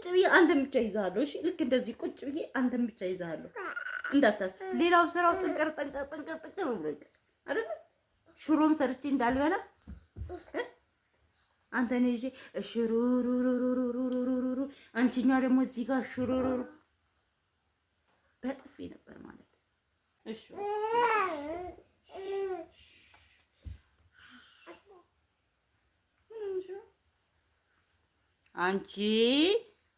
ቁጭ ብዬ አንተን ብቻ ይዛለሁ። እሺ፣ ልክ እንደዚህ ቁጭ ብዬ አንተን ብቻ ይዛለሁ። እንዳታስብ፣ ሌላው ስራው ጥንቅር ጥንቅር ጥንቅር ጥንቅር ብሎ ይቀር አይደል? ሽሮም ሰርቼ እንዳልበላ አንተ ነው ይዤ ሽሩሩሩሩሩሩሩሩ አንቺኛ ደግሞ እዚህ ጋር ሽሩሩሩ በጥፊ ነበር ማለት እሺ። አንቺ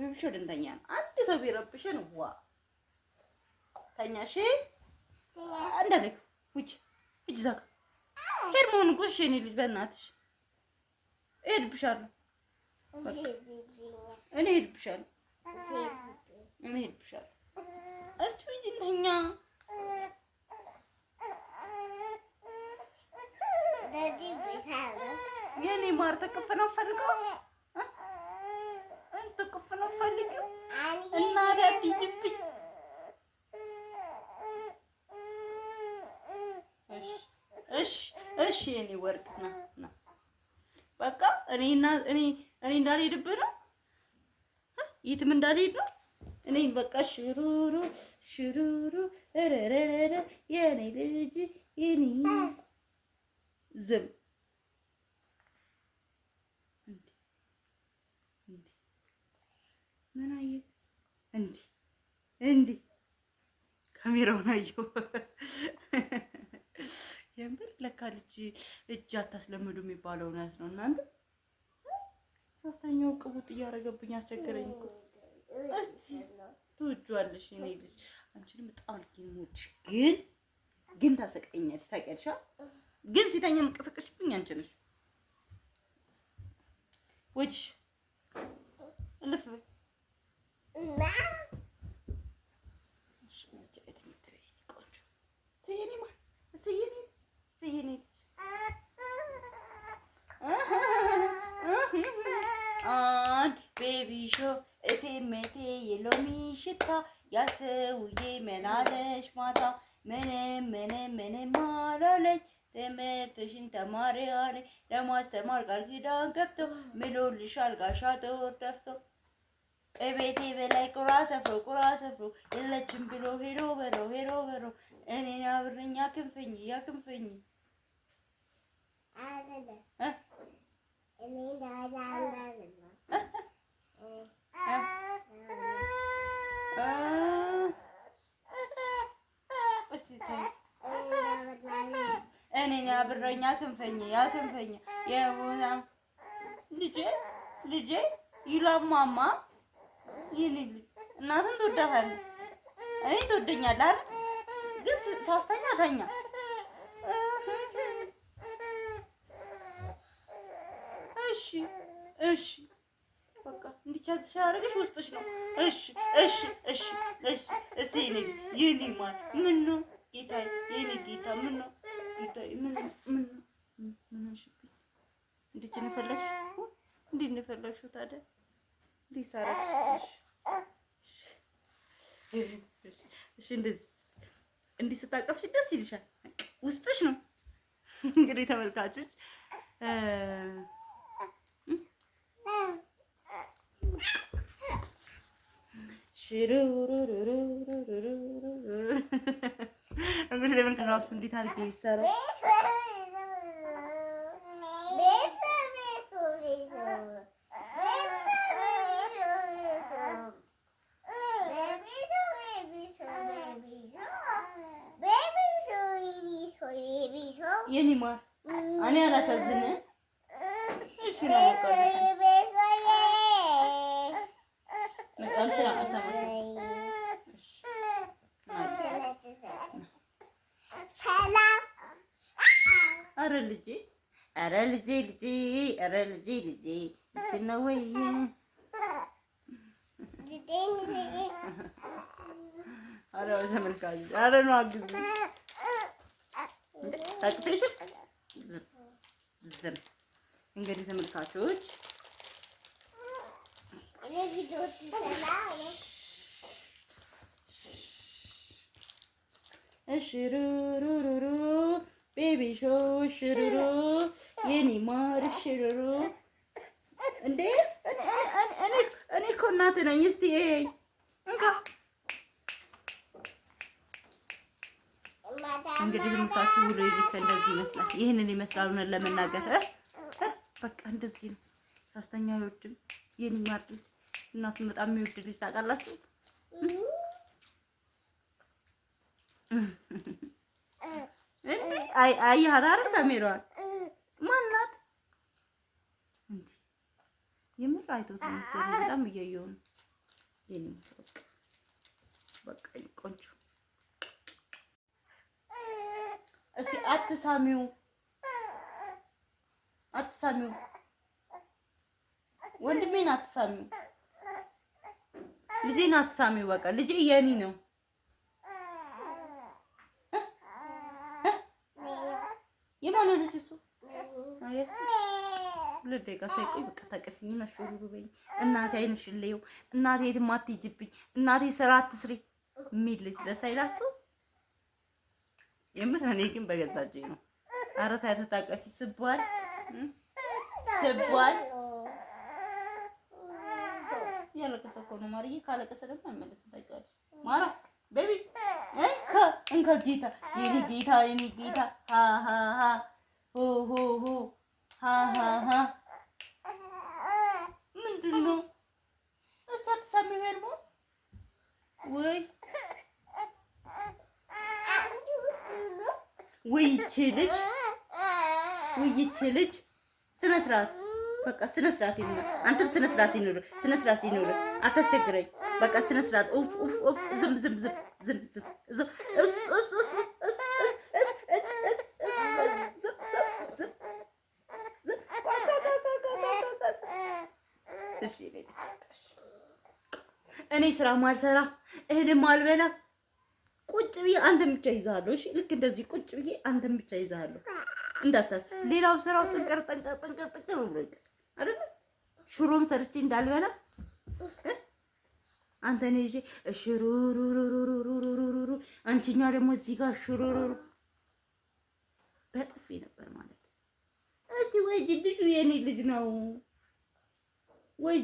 ቢብሾ ልንተኛ ነው። አንድ ሰው ቢረብሽን ዋ ተኛ ሺ እንደልክ ውጭ እጅ ዛጋ ሄድ መሆኑ ጎሽ የኔ ልጅ በእናትሽ እሄድብሻለሁ። እኔ እሄድብሻለሁ። እኔ እሄድብሻለሁ። እስቲ ውጭ እንተኛ የኔ ማር ተከፈና ፈልገው የምትፈልጊው? እናዳ ትጅብኝ እሺ፣ እሺ የኔ ወርቅ ና ና፣ በቃ እኔ እና እኔ እኔ እንዳልሄድብህ ነው፣ የትም እንዳልሄድ ነው። እኔ በቃ ሽሩሩ ሽሩሩ ረረረ የኔ ልጅ የኔ ዝም ምን አየህ? እንዲህ እንዲህ ካሜራውን አየሁ። የምር ለካ ልጅ እጅ አታስለምዱ የሚባለው እውነት ነው እናንተ። ሶስተኛው ቅቡጥ እያደረገብኝ አስቸገረኝ እኮ እስቲ ትውጇለሽ የኔ ልጅ። አንቺንም በጣም ልክ ሞች ግን ግን ታሰቀኛለሽ። ታውቂያለሽ ግን ሲተኛ የምትቀሰቅሽብኝ አንቺ ነሽ። ወጅሽ እልፍ በይ አንድ ቤቢ ሾ እቴ መቴ የሎሚ ሽታ ያሰውዬ መላለሽ ማታ ምንም ምንም ምንም አላለኝ። ትምህርትሽን ተማሪ አለኝ ለማስተማር ቃል ኪዳን ገብቶ ምሎልሻል ጋሻ ጦር ደፍቶ በቤቴ በላይ ቁራ ሰፍሮ ቁራ ሰፍሮ የለችም ብሎ ሄዶ በሮ ሄዶ በሮ እኔን አብረኛ ክንፈኝ ያክንፈኝ እኔን አብረኛ ክንፈኝ ያክንፈኝ የቦታ ልጄ ልጄ ይላማማ ይልል እናትን ትወዳታለህ፣ እኔ ትወደኛለህ አይደል? ግን ሳስተኛ ተኛ እሺ፣ እሺ በቃ እንዲቻዝሽ አደረገሽ ውስጥሽ ነው። እሺ፣ እሺ፣ እሺ፣ እሺ። እስቲ ይልል ይልል ማለት ምን ነው ጌታ? ይልል ጌታ ምን ነው ጌታ? ምን ምን ምን ምን እንዴት ነው የፈለግሽው? እንዴት ነው የፈለግሽው ታዲያ? ሊሰራሽ እሺ፣ እንደዚህ እንዲህ ስታቀፍሽ ደስ ይልሻል፣ ውስጥሽ ነው። እንግዲህ ተመልካቾች እንግዲህ ተመልካቾች እንዴት አድርጌ ይሰራል የኔ ማር እኔ አላሳዝን። እሺ ነው ሰላም። አረ ልጄ፣ አረ ልጄ፣ ልጄ፣ አረ ልጄ፣ ልጄ ነው ወይ አረ ተመልካች፣ አረ ነው አግዙ እንዴ ታቅፈሽም ዝም ዝም። እንግዲህ ተመልካቾች እሽሩሩሩሩ ቤቢ ሾ ሽሩሩ የኔ ማር ሽሩሩ። እንዴ እኔ እኮ እናት ነኝ። እስቲ እንካ እንግዲህ ምታችሁ ሁሉ ይልከ እንደዚህ ይመስላል። ይህንን ይመስላል ነው ለመናገር በቃ እንደዚህ ነው። ሳስተኛ አይወድም ይህን ይማርልኝ እናቱን በጣም የሚወድ ልጅ ታውቃላችሁ። አይ አይ ሀዳር ካሜራዋን ማናት እንዴ የምር አይቶት ነው በጣም እያየው ነው። ይሄን በቃ በቃ ቆንጆ እስቲ አትሳሚው፣ አትሳሚው ወንድሜን አትሳሚው፣ ልጄን አትሳሚው። በቃ ልጄ የኔ ነው። የማን ልጅ እሱ? ሁለት ደቂቃ ሳይቆይ በቃ ታቀፊኝ። ምን አሽሩ በይ እናቴ፣ አይንሽልኝ እናቴ፣ የትም አትሂጂብኝ እናቴ፣ ስራ አትስሪ የሚል ልጅ ደስ አይላችሁ? የምር እኔ ግን በገዛችኝ ነው። ኧረ ታይ ተጣቀፊ ስቧል ስቧል። ያለቀሰ እኮ ነው ማርዬ። ካለቀሰ ደግሞ አይመለስም። ታውቂዋለሽ ማራ ቤቢ እንከ እንከ ጌታ የኔ ጌታ የኔ ጌታ ሀ ሀ ሀ ሁ ሁ ሁ ሀ ሀ ሀ ውይቺ ልጅ ውይቺ ልጅ ስነ ስርዓት በቃ ስነ ስርዓት ይኑር። አንተም ስነ ስርዓት ይኑር፣ ስነ ስርዓት ይኑር። አታስቸግረኝ። በቃ ስነ ስርዓት ኡፍ ኡፍ ኡፍ ዝም ዝም ዝም ዝም ዝም እኔ ስራ ማልሰራ እህልም አልበላ ቁጭ ብዬ አንተን ብቻ ይዛለሁ። እሺ፣ ልክ እንደዚህ ቁጭ ብዬ አንተን ብቻ ይዛለሁ። እንዳታስብ፣ ሌላው ስራው ጥንቅር ጥንቅር ጥንቅር ጥንቅር ብሎ ይቀር አይደል? ሽሮም ሰርቼ እንዳልበላ አንተን ይዤ ሽሩሩሩሩሩሩሩሩ፣ አንቺኛ ደግሞ እዚህ ጋር ሽሩሩሩ፣ በጥፊ ነበር ማለት እስቲ ወይ ልጁ የኔ ልጅ ነው ወይ